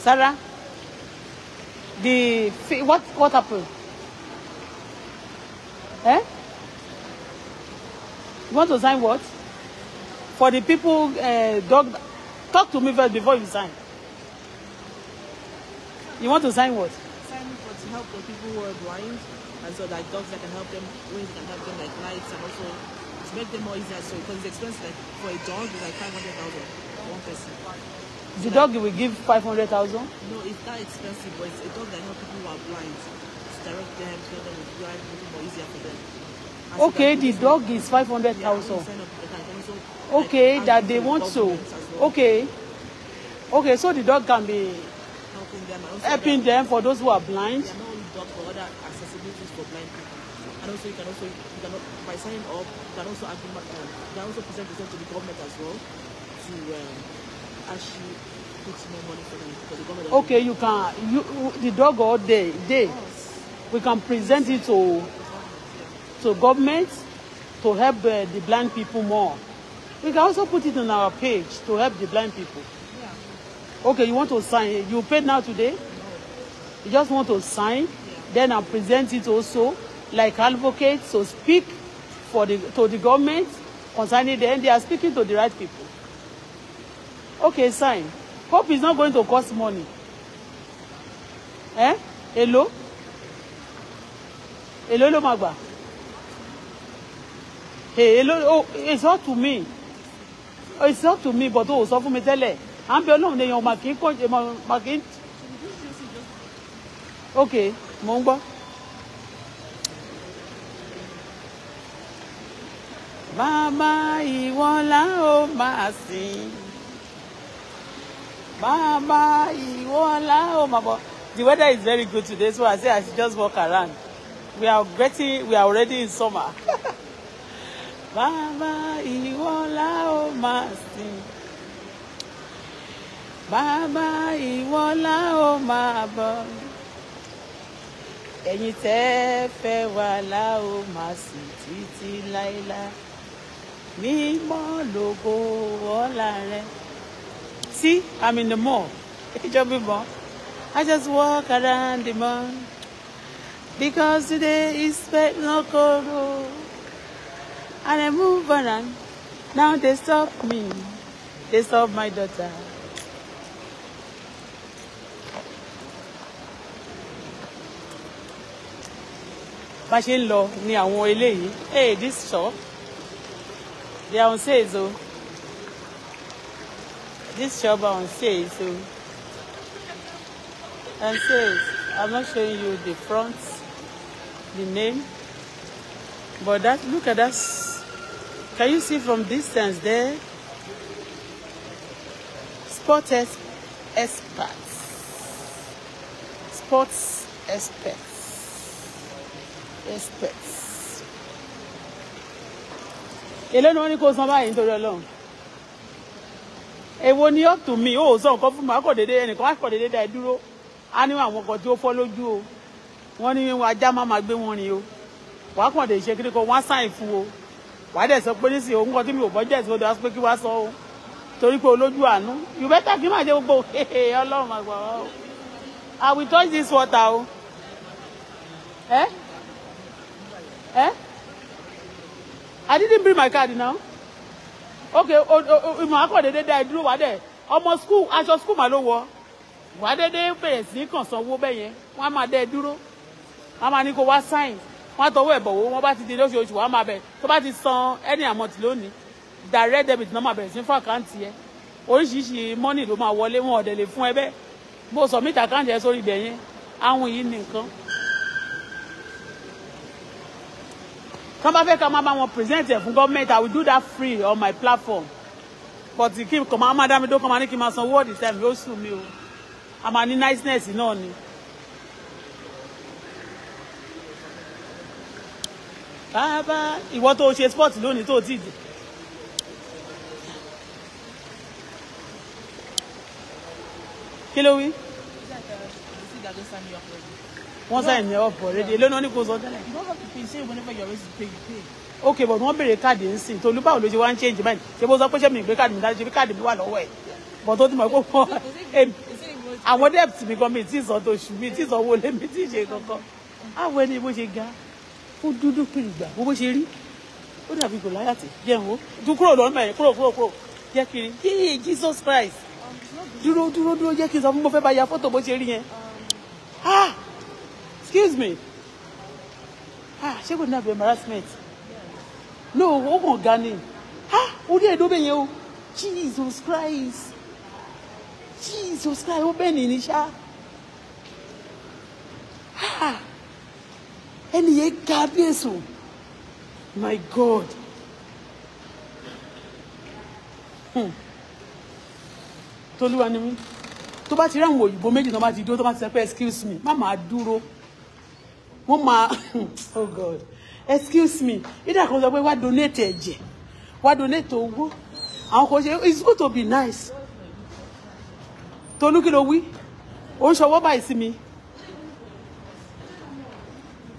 Sarah, the what what happened? Eh? You want to sign what? For the people, uh, dog, talk to me first before you sign. You want to sign what? Sign for to help the people who are blind, and so like dogs that can help them, wings can help them like lights, and also to make them more easier. So because it's expensive, like for a dog, it's like five hundred thousand one person. the dog will give 500,000? No, it's not expensive, but it's a dog that helps people who are blind. It's direct them, tell them it's blind, it's more easier for them. As okay, the dog is 500,000. Yeah, okay, like, that they want to. Well. Okay. Okay, so the dog can be helping them, helping them for those who are blind. Yeah, not only dogs but other accessibilities for blind people. And also, you can also, you can, by signing up, you can also, uh, you can also present yourself to the government as well to. Um, more money for them the government. Okay, you can. You the dog all day. Day. Yes. We can present it to to government to help uh, the blind people more. We can also put it on our page to help the blind people. Yeah. Okay, you want to sign? You paid now today. No. You just want to sign. Yeah. Then I present it also like advocates so speak for the to the government concerning them. They are speaking to the right people. Okay, sign. Hope is not going to cost money. Eh? Hello? Hello, hello, Magba. Hey, hello. Oh, it's not to me. Oh, it's not to me, but ó sọ fún mi tẹ́lẹ̀. I'm ń bẹ Ọlọ́run èèyàn mà Okay, mò Mama, gbọ́. want ìwọ la ó Mama, Iwola, oh my boy. The weather is very good today, so I say I should just walk around. We are getting, we are already in summer. Mama, Iwola, oh mercy. Mama, Iwola, oh my boy. Ẹ̀yin tẹ́ fẹ́ wà láò máa sìn títí láéláé mímọ́ lógo ọlá rẹ̀ see, I'm in the mall. Ijobi mall. I just walk around the mall. Because today is Penokoro. And I move around. Now they stop me. They stop my daughter. bá ṣe ń lọ ni àwọn eléyìí hey this shop they are on sales o this shop on sale, so and says I'm not showing you the front, the name, but that look at that. Can you see from distance there? Sports experts. Sports experts. Experts. Èlé ni wọ́n ní kó san báyìí nítorí Ọlọ́run èwo ni up to me ó sọ nǹkan fún mi akọ̀dédé ẹnìkan akọ̀dédé dá ẹ dúró á ní àwọn ọkọ̀ tí ó fọ́ lójú o wọ́n ní ajá má máa gbé wọn rìn o wàá kàn dé ìṣe kiri kan wọ́n á sáìn fún o wàá dẹ̀ sọ pé nísìnyí òun kan tí mi ò bọ́ jẹ́ ìṣòro dá pé kí wàá sọ o torí pé olójú àánú you better kí máa jẹ gbogbo ọlọ́run àgbà wa o I will touch this water o ẹ eh? ẹ eh? I didn't bring my card now ok ìmọ̀ akọ̀dédé dá ẹ dúró wá dẹ̀ ọmọ skul aṣọ skul mà ló wọ wá dédé bẹ̀rẹ̀ sí kàn sanwó bẹ́ẹ̀ yẹn wọ́n á máa dá ẹ dúró wọ́n á máa ní kó wá sáìn wọ́n á tọwọ́ ẹ̀ bọ̀wọ́ wọ́n bá ti di lóṣooṣù wọ́n á máa bẹ̀ tó bá ti san any amount lónìí direct debit náà máa bẹ̀rẹ̀ sí fún àkáǹtì ẹ oríṣiríṣi money ló máa wọlé wọn ọ̀dẹ̀ lè fún ẹ bẹ́ẹ̀ bó sọ mítà àkáǹtì ẹ sórí ibẹ̀ yẹn àwọn yìí nìkan tán bá fẹ́ ká máa bá wọn present ẹ̀ fún gọ́ọ̀mẹ̀ntì i will do that free on my platform but kí n kàn máa má dámi dó kàn máa ní kí n máa sanwó all the time yóò sùn mí o a máa ní niceness náà ni. bàbá ìwọ tó ṣe sport lónìí tó ti dì. kí ló wí wọ́n sáyẹn ní ọ̀pọ̀ rẹ́dí eléyìí náà ní kò sọ tẹ́lẹ̀. ok but wọ́n béèrè káàdì ń sìn tolú báwo ló ṣe wá ń change báyìí ṣé bó sọ pé ṣé mi ìgbé káàdì mi dájú ṣe bí káàdì mi wà lọ́wọ́ ẹ̀ but tó ti mọ̀ pé wọ́n àwọn debt mi kan mi tí ì sọ tó ṣù mi tí ì sọ owó lé mi tí ì ṣe kankan àwọn ẹni bó ṣe ga ó dúdú pìrìgbà bó bó ṣe rí ó dàbí gòláyàtì jẹ́ ń wo tún kúrò lọ́nà Jesus Christ um, dúró dúró dúró jẹ́ kí n sọ fún mo fẹ́ bá ya fọ́tò bó ṣe rí yẹn. Um, ah! excuse me ah ṣé kò ní àbí embarrassment no ó kàn ga ni ah orí ẹ̀ ló bẹ̀ yẹn Jesus Christ Jesus Christ Open bẹ́ẹ̀ nìyí ṣá ah ẹni yẹn ga bí my God. Hmm Tolu ni mí tó bá ti rí àwọn òyìnbó méjì tó bá ti dúró tó bá ti sọ pé excuse me má máa dúró wọ́n máa oh god excuse me either kan sọ pé wá donate ẹ̀jẹ̀ wá donate owó àwọn kò ṣe it's good to be nice tolú kí ló wí ó ń ṣọwọ́ báyìí sí mi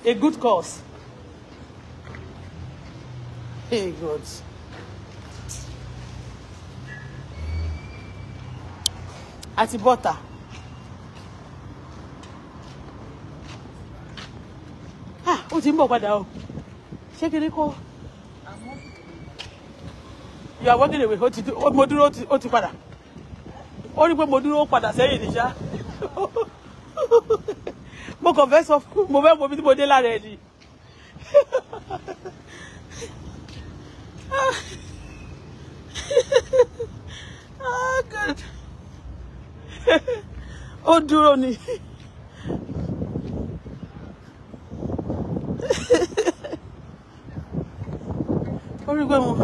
a good cause hey god. àti bọ́tà. ó ti ń bọ̀ padà o ṣé kiri kọ́ you are walking away mo dúró ó ti padà ó rí pé mo dúró padà sẹ́yìn ní ṣá mo kàn fẹ́ sọ fún mo fẹ́ mọ bí mo dé lára ẹ̀ ni ah, ó dúró ni. pẹ́ wọn.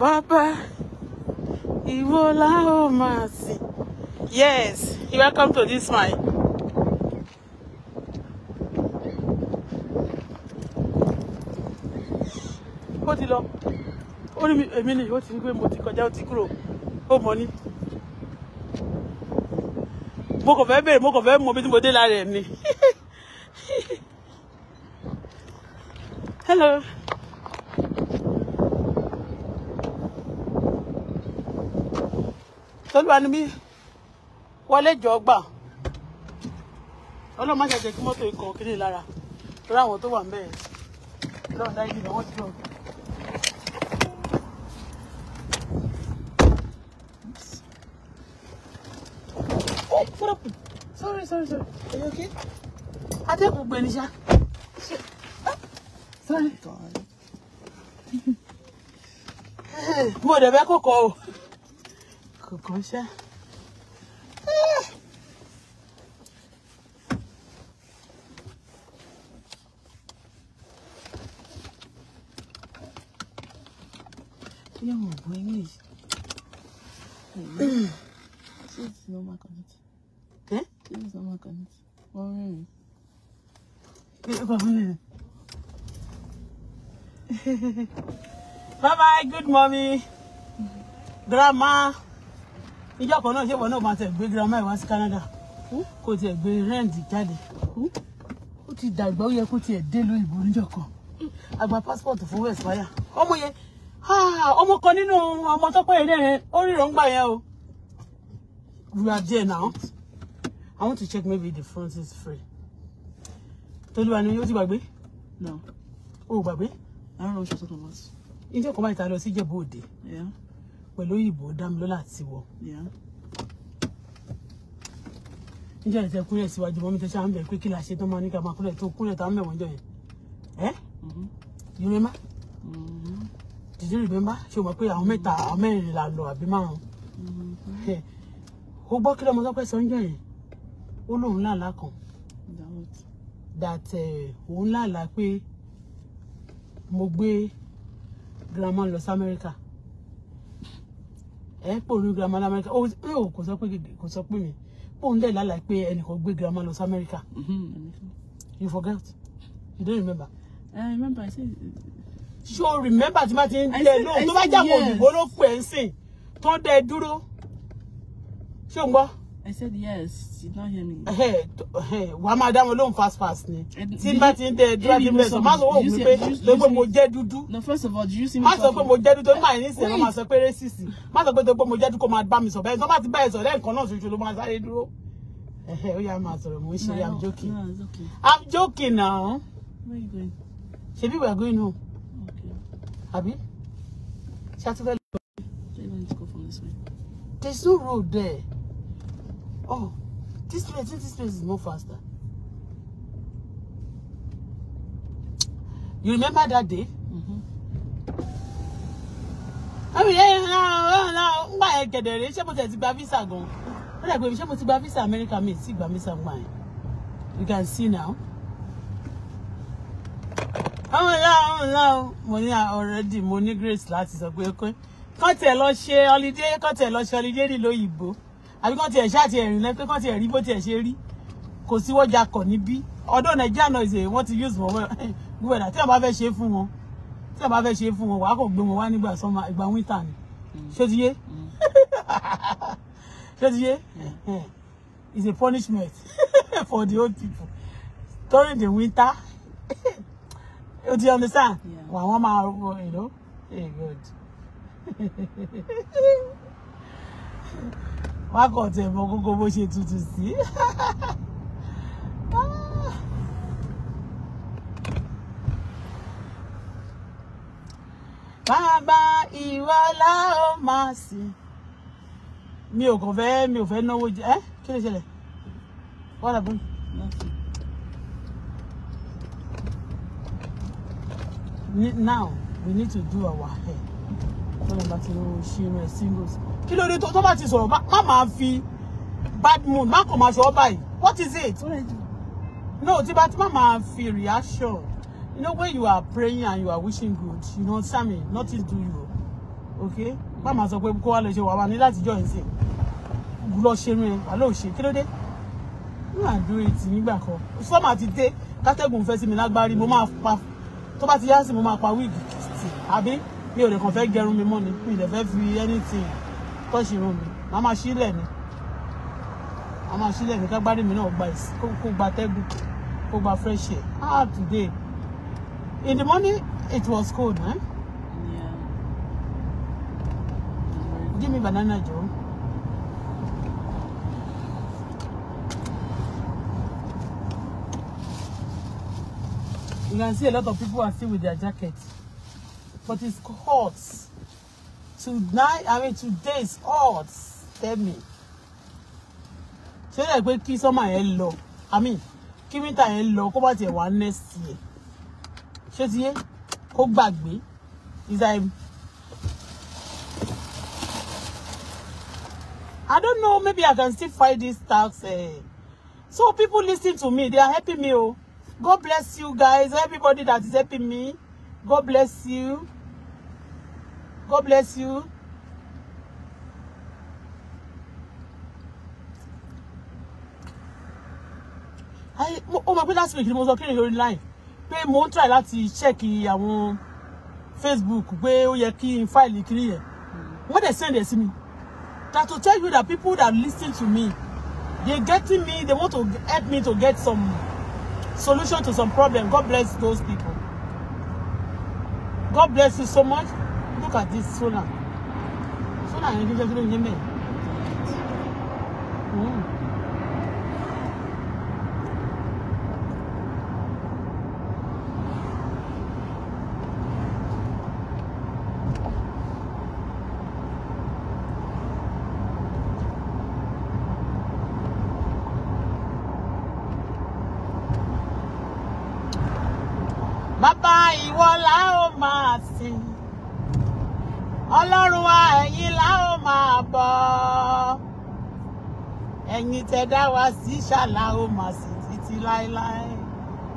Bàbá ìwọ la ó máa Yes, you welcome to this mine. Ó ti lọ, ó ní èmi ni ó ti ń gbé mo ti kọjá ó ti kúrò, ó mọ ní mo kàn fẹ́ bèrè mo kàn fẹ́ mọ bí mo dé lára ẹ̀ ni. hello. tolúwa ni mí wọlé jọ gbà ọlọ́run má ṣe jẹ́ kí mọ́tò ikọ̀ kiri lára lọ́wọ́ àwọn tó wà ń bẹ̀rẹ̀ lọ́wọ́ dájú ni wọ́n ti rọ̀. What happened? Sorry, sorry, sorry. Are you okay? Atẹ́kùn gbé ní ṣá. Sorry. Mo dẹ̀ fẹ́ kòkó o. Kòkó ṣá. Yẹ́n mo gbọ́ English. Hmm. This is normal community. Ẹ? Kí ló sọ máa kàn ní? Wọ́n rìn. Bye bye, good mommy. Grandma. Ìjọ kan náà ṣé ìwọ náà máa Big grandma was sí Canada. Kò tiẹ̀ gbé rent jáde. Ó ti dàgbà ó yẹ kó tiẹ̀ dé lóyìnbó níjọ kan. Àgbà passport fún expire. Ọmọ yẹn ah, ọmọ kan nínú ọmọ tọ́pẹ́ ìrẹ́rẹ́ ó ríran gbà yẹn o. We are there now. I want to check maybe the front is free. you I ni ó ti baby. No. Oh, baby. I don't know what you're talking about. Ǹjẹ́ kò bá ìta lọ sí Ìjẹ̀bú Òde? Yeah. Pẹ̀lú òyìnbó Dámilọ́lá àti wọ. Yeah. Ǹjẹ́ ìtẹ̀ kúnlẹ̀ síwájú mọ́mí tẹ́sán à ń bẹ̀ pé kí la ṣe tán máa ní ká máa kúnlẹ̀ tó kúnlẹ̀ tá à ń bẹ̀ wọ́n jọ yẹn. Mm-hmm. you remember? Mm-hmm. Did you remember? Ṣé o mọ̀ pé àwọn mẹ́ta àwọn mẹ́rin là lọ àbí márùn-ún? Ó mm-hmm. gbọ́ kí lọ́mọ tọ́pẹ́ sọ ń jọ yẹn ó lóun làlá kan that eh, òun làlá pé mo gbé grandma lọ sí Amẹ́ríkà ẹ pò ní grandma lọ Amẹ́ríkà ó kò sọ pé kò sọ pé mi òun dẹ̀ lálàá pé ẹnìkan gbé grandma lọ sí Amẹ́ríkà mm-hmm, you forget you don't remember. I remember I said. so remember tí ma ti ń díẹ̀ lóhùn tó bá jàpọ̀ òyìnbó ló pè é sìn tó dẹ̀ dúró ṣé o gbọ́. I said yes. She did not hear me. Hey, hey, why, madam, máa dá fast fast ni. Eh, Tí n bá ti ń tẹ dúró àti mílẹ̀ sọ, má sọ wọ́n mi pé lóko mo jẹ́ dúdú. No first of all, do you see me? Má sọ pé mo jẹ́ dúdú, má ní sìn ló máa sọ pé racist. Má sọ pé tó pé mo jẹ́ dúdú kó máa bá mi sọ bẹ́ẹ̀. Tó bá ti bẹ́ẹ̀ sọ lẹ́ẹ̀kan náà ṣoṣo ló máa sáré dúró. Ó yá máa sọ̀rọ̀ mo ń ṣe I'm joking. No, it's okay. I'm joking now. Where you going? Ṣebí we are going home. Okay. Àbí? Ṣé a ti Let's go from this way? There's no road there. Oh, this place, this place is more faster. You remember that day? Àmì ẹ̀yìn ọ̀la ńgbà ẹ̀ gẹ̀dẹ̀rẹ̀ ṣé mo tẹ̀ ti gba visa gan? Ó dàgbé mi ṣé mo ti gba visa America mi ti gba visa gbà yẹn. You can see now. Àwọn ìlà àwọn ìlà mo ní ah, already mo ní grace láti sọ pé kọ́ tẹ̀ lọ ṣe holiday kọ́ tẹ̀ lọ ṣe holiday nílò òyìnbó àbí kán tiẹ̀ ṣáà tiẹ̀ rìn lẹ́pẹ́ kán tiẹ̀ rí bó tiẹ̀ ṣe rí kò sí wọ́jà kọ̀ níbí ọdún nàìjíríà náà ìṣe wọ́n ti use for well tí wọ́n bá fẹ́ ṣe fún wọn tí wọ́n bá fẹ́ ṣe fún wọn wàá kò gbé wọn wá nígbà sọmọ ìgbà winter ni mm. ṣé ti yé mm. ṣé ti yé mm. eh, is a punishment for the old people during the winter do you understand? Yeah. Well, one more, you know, hey, eh, good má kàn tẹ̀ mọ́ gógó bó ṣe tutù sí. Ah. bàbá ìwọ la máa sìn mi ò kàn fẹ́ mi ò fẹ́ náwó jẹ ẹ́ kí ló ṣẹlẹ̀ wọ́n rà Now we need to do our hair tọ́lọ̀ bá ti lọ́wọ́ ṣí rẹ̀ singles kí ló dé tó bá ti sọ̀rọ̀ má máa fi bad mood má kàn máa ṣọ́ báyìí what is it no tí bá ti má máa fi reaction you know when you are praying and you are wishing good you know sami nothing do you okay má máa sọ pé kó wá lọ ṣe wàá wà ní láti jọ ìsìn lọ ṣe rìn wà lóò ṣe kí ló dé n máa dúró etí nígbà kan sọ́mà ti dé kátẹ́gùn fẹ́ sí mi lágbárí mo máa pa tó bá ti yá sí mo máa pa wíìgì kìtì àbí mi ò lè kàn fẹ́ gẹrun mi mọ́ ni mi lè fẹ́ fi anything tọ́ṣì irun mi màá máa sílẹ̀ ni màá máa sílẹ̀ ni kágbárí mi náà gba kó gba tẹ́gùn kó gba fresh air ah today in the morning it was cold eh? yeah. give me banana joe. You can see a lot of people are still with their jackets but it's hot. Tonight, I mean, today is hot. Tell me. Ṣé ẹ pé kí on my hello. I mean, give me that hello. Come bá tiẹ̀ one next year. Ṣé ti yé? back me." Is that I don't know. Maybe I can still fight this tax. Eh. So people listen to me. They are helping me. Oh. God bless you guys. Everybody that is helping me. God bless you. God bless you. ó mọ̀ pé last week ni mo sọ kí ni orí line pé mo ń try to check your Facebook pé ó yẹ kí n file kiri yẹn wọ́n they send ẹ̀ sí that to tell you that people that listen to me they getting me they want to help me to get some solution to some problem God bless those people God bless you so much look at this solar solar energy kí n jẹ́ kí ẹ̀yin tẹ dá wa sí ṣàlà ó mà sí títí láéláé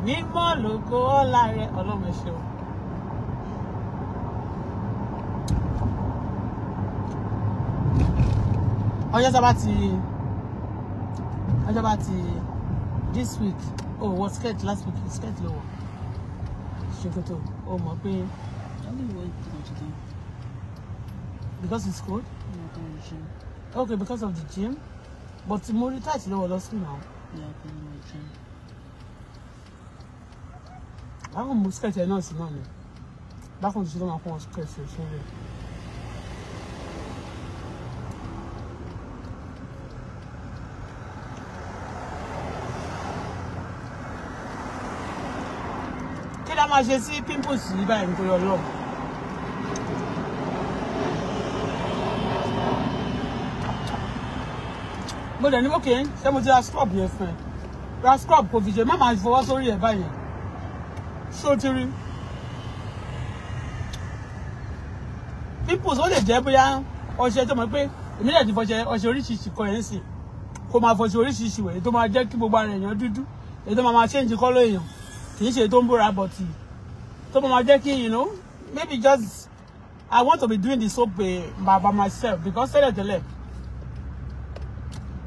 mímọ́ lógo ọlá rẹ Ọlọ́run o. ọjọ́ sábà ti ọjọ́ bá ti this week ó wọ skirt last week skirt ló wọ ṣòkòtò ó mọ̀ pé. because it's cold. okay because of the gym but mo rí táìsì lọ́wọ́ lọ́sùn náà. bákan mo skẹ̀tì ẹ̀ náà sí náà ni bákan tó ṣe ló máa kọ́ wọn skẹ̀tì ẹ̀ sórí ẹ̀. kí la máa ṣe sí pimples yìí báyìí nítorí ọlọ́run. mo dẹ̀ ní mọ́kè ṣé mo ti ra scrub yẹn fún ẹ ra scrub kò fi jẹ má máa fọwọ́ sórí ẹ̀ báyẹn ṣó ti rí pimples ó lè jẹ́ bóyá ọṣẹ tó mọ̀ pé èmi lè ti fọṣẹ ọṣẹ oríṣiríṣi kọ yẹn sì kó máa fọṣẹ oríṣiríṣi wẹ̀ tó máa jẹ́ kí gbogbo ara èèyàn dúdú èyí tó máa máa change colour èèyàn kì í ṣe tó ń bóra bọ̀ tì tó máa jẹ́ kí you know maybe just I want to be doing the soap uh, by myself because tẹ́lẹ̀tẹ́lẹ̀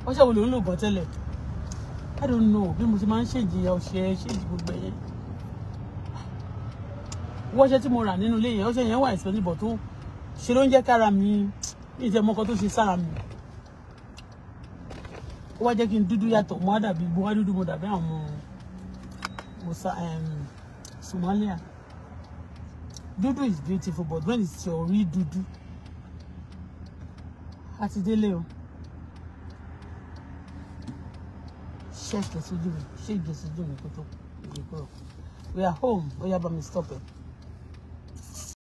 ọṣẹ wo ló ń lò gan tẹ́lẹ̀ I don't know bí mo ṣe máa ń ṣèjì ọṣẹ ṣèjì gbogbo ẹ̀yẹ wọ́ṣẹ́ tí mo rà nínú ilé yẹn ọṣẹ yẹn wà expensive but tó ṣe ló ń jẹ́ kára mi ní ìtẹ́ mọ́kàn tó ṣe sára mi ó wá jẹ́ kí n dúdú yàtọ̀ mo á dàbí mo á dúdú mo dàbí àwọn musa Somalia dúdú is beautiful but when it's your real dúdú àti délé o. We are home. We oh, are but me stop it.